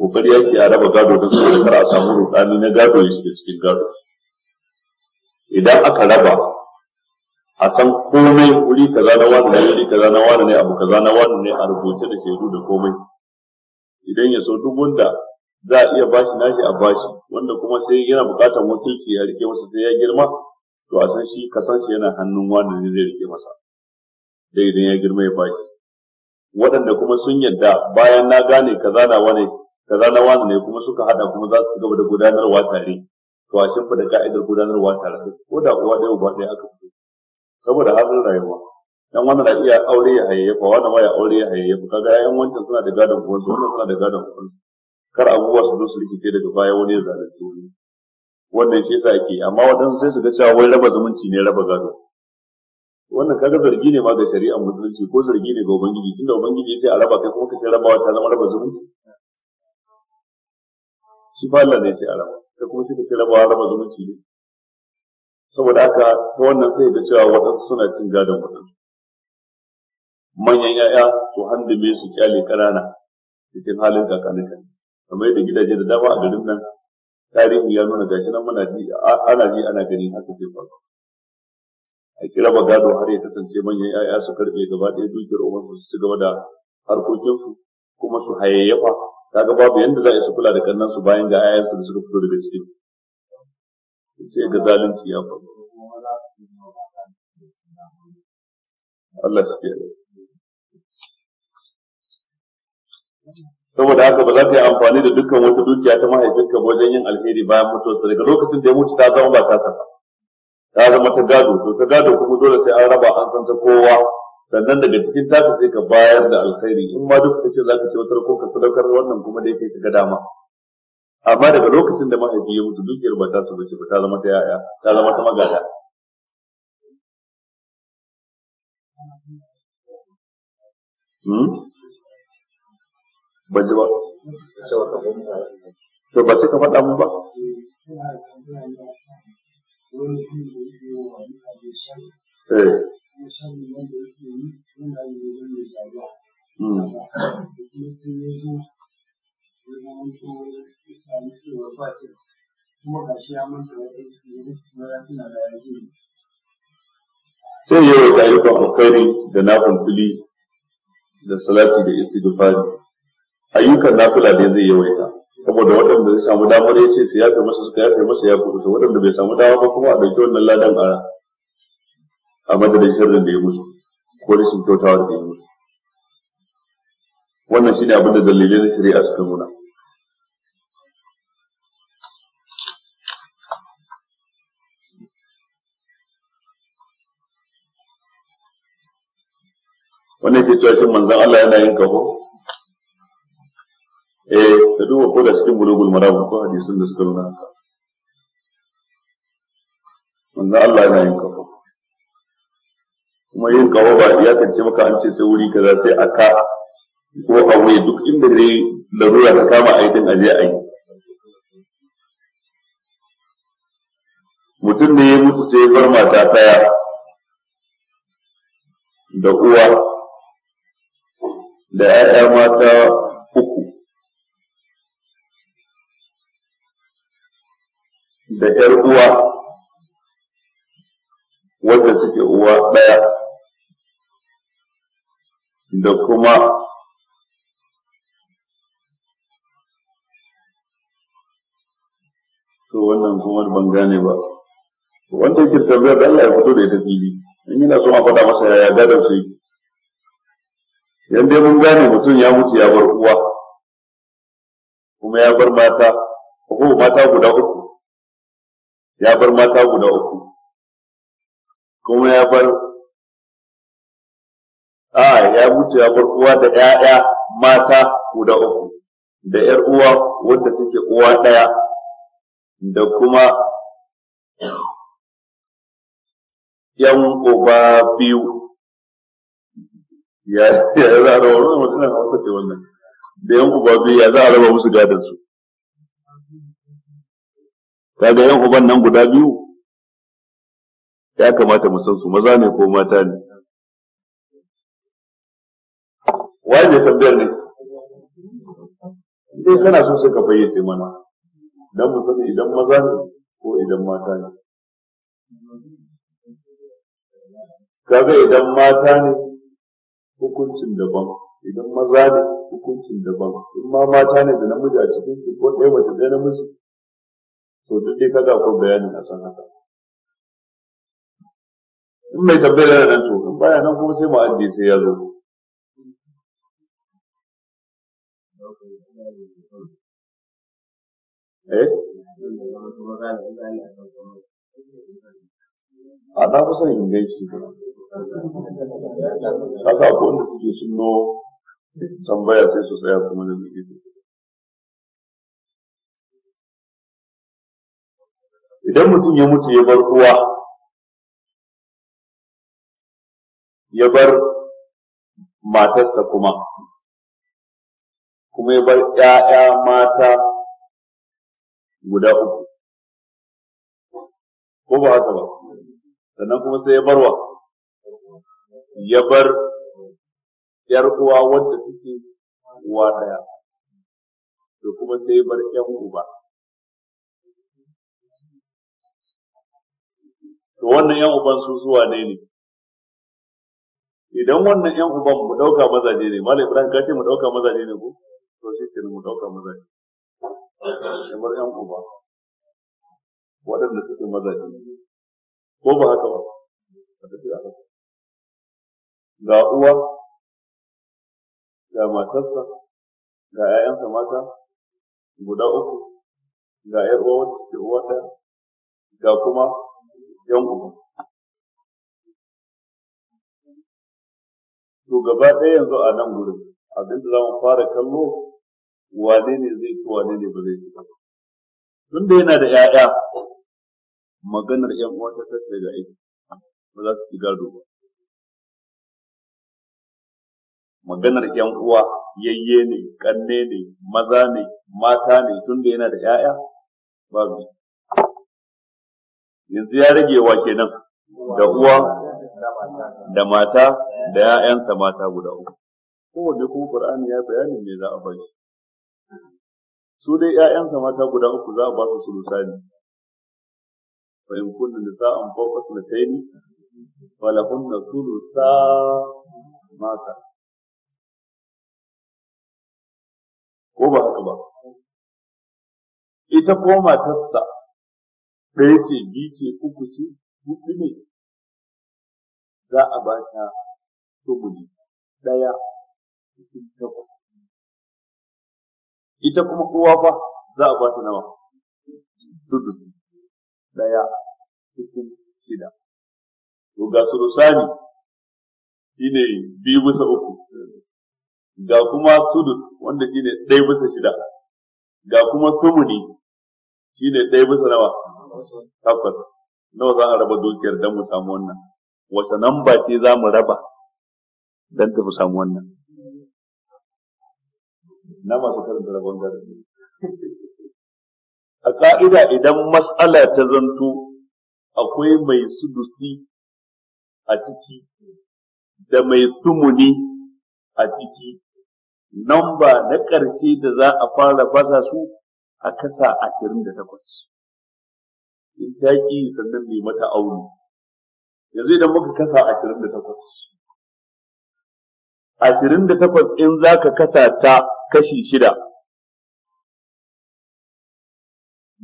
kokari yake a raba gado don saboda kar a samu rudani na gado ya shiga cikin gado idan aka raba a san komai wuri kaza na wani ne wuri kaza na wani ne abu kaza na wani ne a rubuce da shaidu da komai idan ya so duk wanda za a iya bashi nashi a bashi wanda kuma sai yana bukatar wakilci ya rike masa sai ya girma to a san shi kasan shi yana hannun wani ne zai rike masa dai idan ya girma ya bashi waɗanda kuma sun yadda bayan na gane kaza na wani kaza na wani ne kuma suka hada kuma za su gaba da gudanarwa tare ba da ka'idar gudanarwa tare da ko da uwa ɗaya uba ɗaya aka fito saboda halin rayuwa dan wannan na iya aure ya hayayyafa wannan ma ya aure ya hayayyafa kaga yayan wancan suna da gadon uwansu wannan suna da gadon uwansu kar abubuwa su zo su rikice daga baya wani ya zalunci wani wannan shi yasa ake amma wadansu sai su ga cewa wai raba zumunci ne raba gado wannan kaga zargi ne ma ga shari'ar musulunci ko zargi ne ga ubangiji tunda ubangiji sai a raba kai kuma ka ce rabawa ta zama raba zumunci shi ba Allah ne sai a raba da kuma suka ke rabawa raba zumunci ne saboda haka ta wannan sai da cewa waɗansu suna cin gadon waɗansu manyan ya'ya su handume su kyale ƙanana cikin halin kakanika kamar yadda gidaje da dama a garin nan tarihi ya nuna gashi nan muna ji ana ji ana gani haka sai faru a kira ba gado har ya kasance manyan ya'ya su karɓe gaba ɗaya dukiyar uwansu su ci gaba da harkokinsu kuma su hayayyafa kaga babu yanda za a su kula da kannan su bayan ga 'ya'yansu da suka fito daga cikin sai ga zalunci ya faru Allah shi ya saboda haka ba za ka yi amfani da dukkan wata dukiya ta mahaifinka wajen yin alheri bayan mutuwarsa daga lokacin da ya mutu ta zama ba ta saka ta zama ta gado to ta gado kuma dole sai an raba an san ta kowa sannan daga cikin taka sai ka bayar da alkhairi in ma duk kace zaka ce wata ko ka sadaukar wannan kuma dai kai ga dama amma daga lokacin da mahaifi ya mutu dukiyar ba ta su bace ba ta zama ta yaya ta zama ta magada hmm? ba ji ba to ba sai ka faɗa mun ba sai yawa ta ayyukan alkhairi da fili da salati da istighfari ayyukan nafila ne zai yawaita saboda waɗanda zai samu damar ya ce su ya fi masa suka ya fi masa ya kusa waɗanda bai samu dama ba kuma a ɗauki wannan ladan a a madadin shirin da ya musu ko rashin kyautawa da ya musu wannan shine abin da dalilai na shari'a suka nuna wannan ke cewa shin manzon Allah yana yin kaho eh da duba ko da cikin bulugul maram ko hadisin da suka nuna haka manzon Allah yana yin kaho kuma yin kaho ba ya ce maka an ce sai wuri kaza sai aka ko a wuri duk inda da ruwa ta kama aikin aje a yi mutum ne ya mutu sai bar mata taya. da uwa da ‘ya'ya mata uku da ‘yar uwa wadda suke uwa ɗaya da kuma to wannan kuma ban gane ba wanda yake tambayar da Allah ya fito da ita fili in yana so a faɗa masa yaya gadon su yake idan dai mun gane mutum ya mutu ya bar uwa kuma ya bar mata ko mata guda uku ya bar mata guda uku kuma ya bar a ya mutu ya bar uwa da 'ya'ya mata guda uku da ƴar uwa wadda take uwa ɗaya da kuma yan uba biyu ya za a raba wannan wannan hausa ce wannan da yan uba biyu ya za a raba musu gadon su kaga yan uban nan guda biyu ya kamata mu san su maza ne ko mata ne Wani ne tambayar ne idan kana so sai ka fayyace mana dan mu sani idan maza ne ko idan mata ne kaga idan mata ne hukuncin daban idan maza ne hukuncin daban in ma mata ne da namiji a cikin su ko ɗaya mace ɗaya namiji to duk dai kaga akwai bayanin a san haka in mai tambayar da nan to in baya nan kuma sai mu ajiye sai ya zo eh a na fi son in gaishe ka ga ko wanda suke sunno tambaya sai su tsaya kuma da muke idan mutum ya mutu ya bar uwa ya bar matarsa kuma kuma ya bar ‘ya'ya mata guda uku ko ba haka ba sannan kuma sai ya barwa ya bar yar uwa wadda suke uwa daya to kuma sai ya bar yan uba to wannan yan uban su zuwa ne ne idan wannan yan uban mu dauka mazaje ne malam ibrahim ka ce mu dauka mazaje ne ko to shi ke mu dauka mazaje bar yan uba waɗanda suke mazaje ne ko ba haka ba ga uwa ga matarsa ga 'ya'yansa mata guda uku ga 'yar uwa wacce ke uwa ɗaya ga kuma yan uwa to gaba ɗaya yanzu a nan gurin abinda za mu fara kallo wane ne zai ci wane ne ba zai ci ba Tun da yana da 'ya'ya maganar ‘yan uwa ta tashi ga aiki ba za su ci gado ba. Maganar ‘yan uwa yayye ne, ƙanne ne, maza ne, mata ne tun da yana da ‘ya'ya ba bi. Yanzu ya rage wa kenan da uwa da mata da ‘ya'yansa mata guda uku. Kowane kuma Ƙur'ani ya bayani ne za a bashi. Su dai ‘ya'yansa mata guda uku za a ba su sulusani. وإن كن نساء فوق اثنتين فلهن ثلثا ما ترك ko ba haka ba ita ko matarsa ɗaya ce biyu ce uku ce huɗu ne za a ba ta tubuli ɗaya cikin takwas ita kuma kowa fa za a ba ta nawa tudu ɗaya cikin shida. To ga Rusani shi ne biyu bisa uku, ga kuma sudut wanda shi ne ɗaya bisa shida, ga kuma sumuni shi ne ɗaya bisa nawa, takwas. Nawa za a raba dukiyar don mu samu wannan, wata ba ce za mu raba don ta mu samu wannan. Na masu karanta rabon gari. a ƙa'ida idan matsala ta zanto akwai mai sudusi a ciki da mai sumuni a ciki nan ba na ƙarshe da za a fara fasa su a kasa ashirin da takwas in ta ƙi sannan mai mata auni yanzu idan muka kasa ashirin da takwas ashirin da takwas in za ka kasa ta kashi shida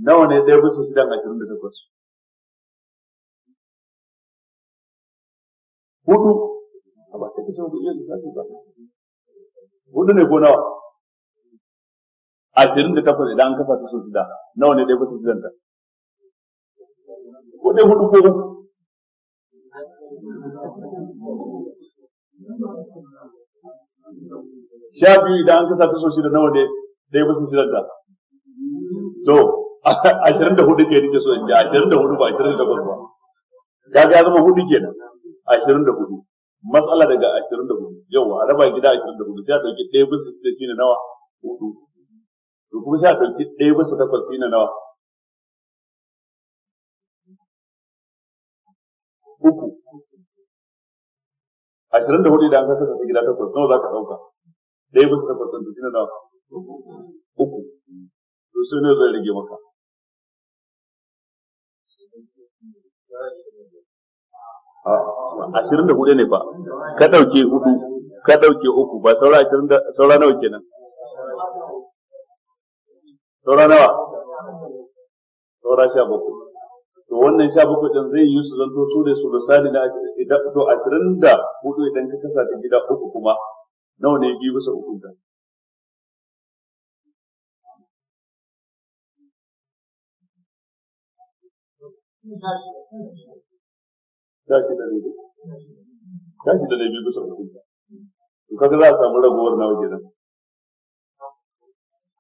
nawa ne ɗaya bisa shidan ashirin da takwas hudu a ba ta kashe hudu iya lissafi ba hudu ne ko nawa ashirin da takwas idan an kafa ta sau shida nawa ne ɗaya bisa shidan ta ko ɗaya hudu ko sha biyu idan an kasa ta sau shida nawa ne ɗaya bisa shidan ta to ashirin da hudu ke nake so in ji ashirin da hudu ba ashirin da takwas ba kaga ya zama hudu kenan ashirin da hudu matsala daga ashirin da hudu yau a raba gida ashirin da hudu sai a ɗauki ɗaya bisa da shi nawa hudu to kuma sai a ɗauki ɗaya bisa takwas shi nawa uku ashirin da hudu idan ka kasa gida takwas nawa za ka ɗauka ɗaya bisa takwas ɗin shi nawa uku to sai ne zai rage maka ashirin da hudu ne fa ka ɗauke hudu ka ɗauke uku ba saura ashirin da saura nawa kenan saura nawa saura sha bakwai to wannan sha bakwai ɗin zai yi su zanto su ne su Sani na idan to ashirin da hudu idan ka kasa da gida uku kuma nawa ne biyu bisa hukunta tashi da laifi tashi da laifi bisa hukunta to za a samu ragowar nawa gidan.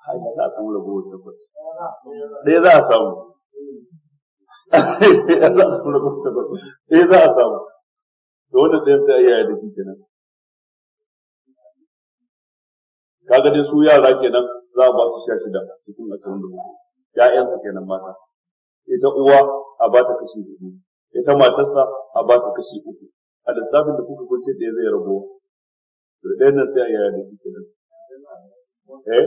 hanya za a samu ragowar tabbas ɗaya za a samu ɗaya za a samu Da tabbas ɗaya za a samu wanda ɗayan sai yaya da shi kenan kaga dai su yara kenan za a ba su sha shida cikin ashirin da hudu ya'yansa kenan mata ita uwa a ba ta kashi hudu ita matarsa a ba ta kashi uku a lissafin da kuka kunce da ya zai rabuwa to dai nan sai a yaya da shi kenan eh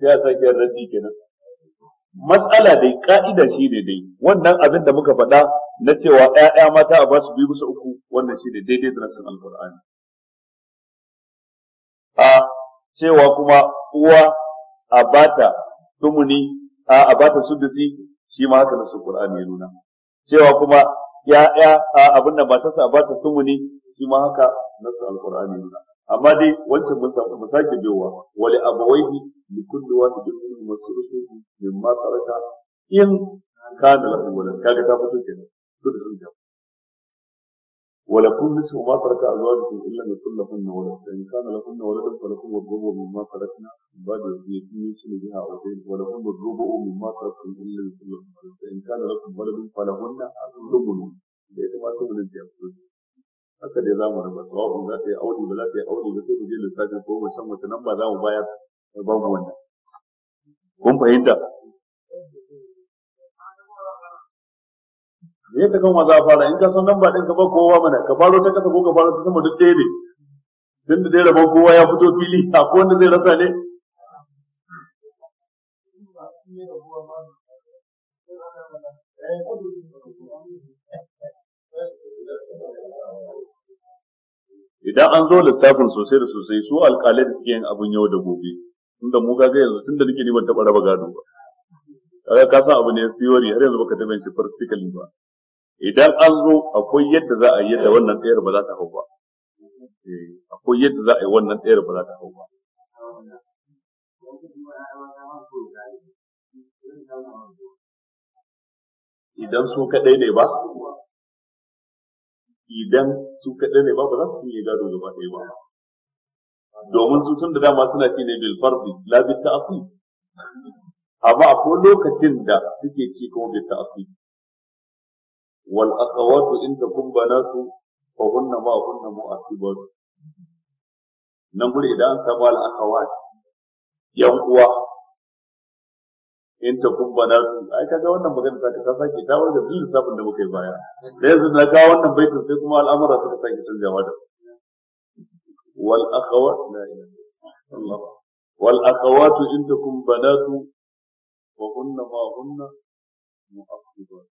sai a sake yarda shi kenan matsala dai ka'ida shi ne dai wannan abin da muka faɗa na cewa ‘ya'ya mata a basu biyu bisa uku wannan shi ne daidai da nasin alkur'ani a cewa kuma uwa a ba ta dumuni a a bata sudusi shi ma haka nasu Qur'ani ya nuna cewa kuma ya a abin da matarsa ba ta sumuni shi ma haka nasu Al-Qur'ani ya nuna amma dai wancan mun samu mu sake biyowa wali abawaihi li kulli wahidin minhum masuruhu mimma taraka in kana lahu walad kaga ta fito kenan sudusin jama'a ولكم نصف ما ترك أزواجكم إن لم يكن لهن ولد فإن كان لهن ولد فلكم الربع مما تركنا من بعد وصية يوصي بها أو دين ولهن الربع مما تركتم إن لم يكن لهن ولد فإن كان لكم ولد فلهن الثمن da ya kamata mu rinta yanzu haka dai za mu raba sawa'u za ta yi aure ba za ta yi aure ba sai mu je lissafin ko mu san wata nan ba za mu bayar da babu wannan kun fahimta me ta kama za a fara in ka san nan ba ɗin ka ba kowa mana ka faro ta kasa ko ka faro ta sama duk ɗaya ne din da dai rabon kowa ya fito fili a ko wanda zai rasa ne idan an zo littafin sosai da sosai su alƙalai da suke yin abin yau da gobe tunda mu ga yanzu tunda nake ni ban taɓa raba gado ba kaga ka san abu ne theory har yanzu baka taɓa yin practically ba idan an zo akwai yadda za a yi yadda wannan tsayar ba za ta hau ba eh, akwai yadda za a yi wannan tsayar ba za ta hau ba idan su kaɗai ne ba idan su kaɗai ne ba ba za su yi gado gaba ɗaya ba domin su tun da dama suna ci ne bil fardi labi ta ta'asib amma akwai lokacin da suke ci kuma bil ta'asib wal aqawatu indakum banatu fa hunna ma hunna mu'aqibat nan gure idan an samu al aqawat yan uwa in ta kun banatu ai kaga wannan magana ta ta sake ta warga duk lissafin da muka yi baya da yanzu na ga wannan baitin sai kuma al'amura suka sake canjawa da wal akhawat la ilaha wal akhawatu in ta kun banatu wa hunna ma hunna mu'aqqibat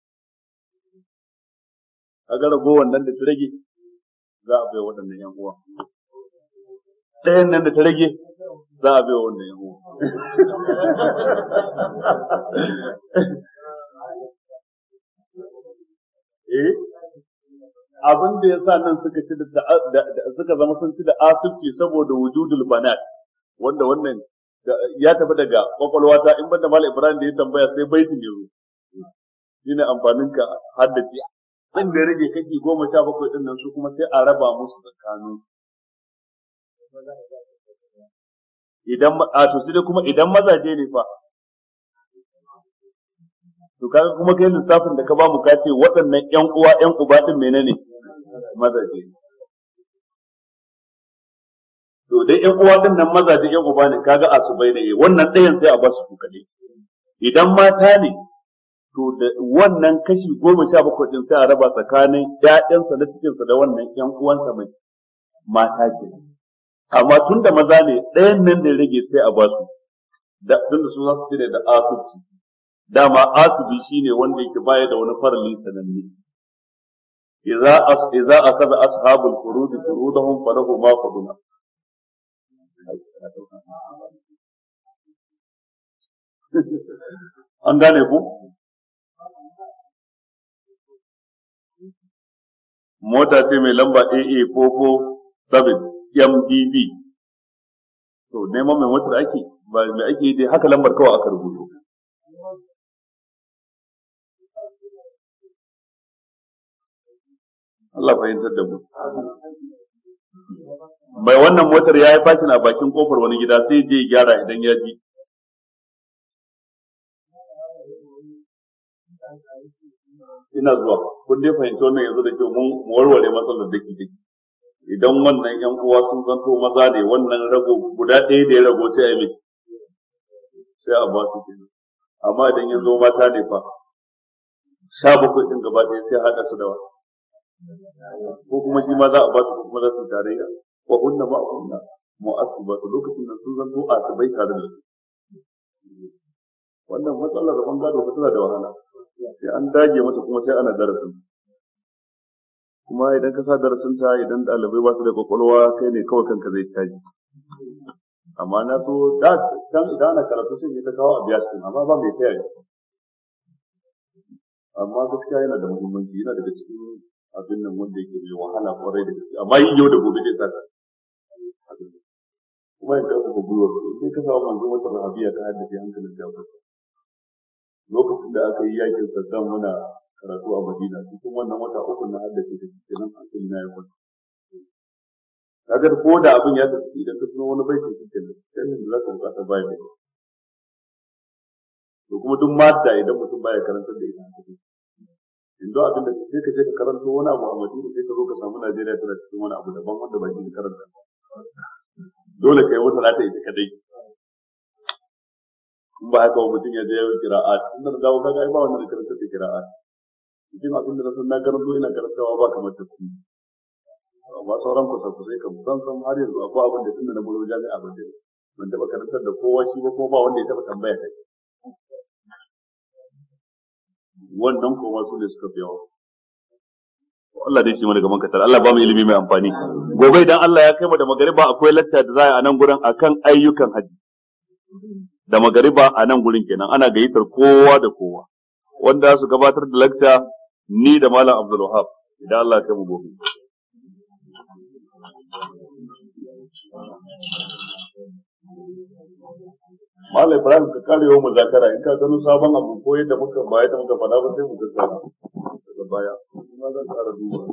gara ragowar nan da ta rage za a bai waɗannan yan uwa ɗayan nan da ta rage za a bai wannan yan uwa eh abin da yasa nan suka ci da suka zama sun ci da asibci saboda wujudul banat wanda wannan ya tafi daga kwakwalwata in banda malam ibrahim da ya tambaya sai baitin yazo shine amfanin ka haddace abin da rage kashi goma sha bakwai ɗin nan su kuma sai a raba musu tsakanin idan a to sai kuma idan mazaje ne fa to kaga kuma kai lissafin da ka ba mu kace waɗannan ƴan uwa ƴan uba din menene mazaje to dai ƴan uwa din nan mazaje ƴan uba ne kaga asubai ne wannan ɗayan sai a ba su kadai idan mata ne to da wannan kashi goma sha bakwai ɗin sai a raba tsakanin ‘ya'yansa na cikinsa da wannan ‘yan uwansa mai mata ke amma tun da maza ne ɗayan nan da rage sai a basu da tun da su za su cire da asibiti, dama asubi shine wanda yake baya da wani farali sananne idza as idza asaba ashabul furud furudahum falahu ma faduna an gane ku mota ce mai lamba AA ko 7 MBB. to neman mai motar ake ba mai ake dai haka lambar kawai aka rubuto Allah fahimtar da mu mai wannan motar ya yi fashin a bakin kofar wani gida sai je gyara idan ya ji ina zuwa kun dai fahimci wannan yanzu da kyau mun warware matsalar da ke idan wannan yan uwa sun zanto maza ne wannan rago guda ɗaya da ya rago sai a yi sai a ba su kenan amma idan ya zo mata ne fa sha bakwai ɗin gaba ɗaya sai haɗa su da wa ko kuma shi ma za a ba su kuma za su tarayya wa hunna ma hunna su lokacin da sun zanto bai tare da su wannan matsalar da bangado ba tana da wahala sai an dage mata kuma sai ana darasin kuma idan ka sa darasin ta idan ɗalibai ba su da kwakwalwa kai ne kawai kanka zai caji amma na so da can idan ana karatu sai ne ta kawo a biya su amma ba mai taya amma gaskiya yana da muhimmanci yana daga cikin abin nan wanda yake mai wahala kwarai da gaske amma yin yau da gobe zai saka kuma ya karfafa gwiwar sai ka samu manzo wata rahabiya ta haddace hankalin jagora lokacin da aka yi yakin saddam muna karatu a madina cikin wannan wata uku na haddace da cikin nan hankali na ya kwanta ko da abin ya tafi idan ka tuno wani baitin cikin nan sai da ka bukata baya da to kuma duk mata idan mutum baya karantar da ita haka in don abin da sai ka je ka karanto wani abu a madina sai ka zo ka samu najeriya tana cikin wani abu daban wanda ba shi karanta dole kai wata za ta ita kadai ba haka mutum ya je kira kira'a tun da dawo kaga ai ba wanda karanta da kira'a cikin abin da na san na karanto ina karantawa ba kamar ta ku amma sauran kusa kusai kan san san har yanzu akwai abin da tun da na bolo jami'a ba dai ban taɓa karantar da kowa shi ba kuma ba wanda ya taɓa tambaya kai wannan koma su ne suka fi yawa Allah dai shi mana gaban katar Allah ba mu ilimi mai amfani gobe idan Allah ya kai mu da magariba akwai lacca da za a nan gurin akan ayyukan hajji. da magariba a nan gurin kenan ana gayyatar kowa da kowa wanda su gabatar da lakta ni da malam Abdul Wahab idan Allah ya mu gobe Malam Ibrahim ka kare wa zakara in ka gano sabon abu ko yadda muka ba yadda muka faɗa ba sai mu gaza daga baya kuma zan ƙara duba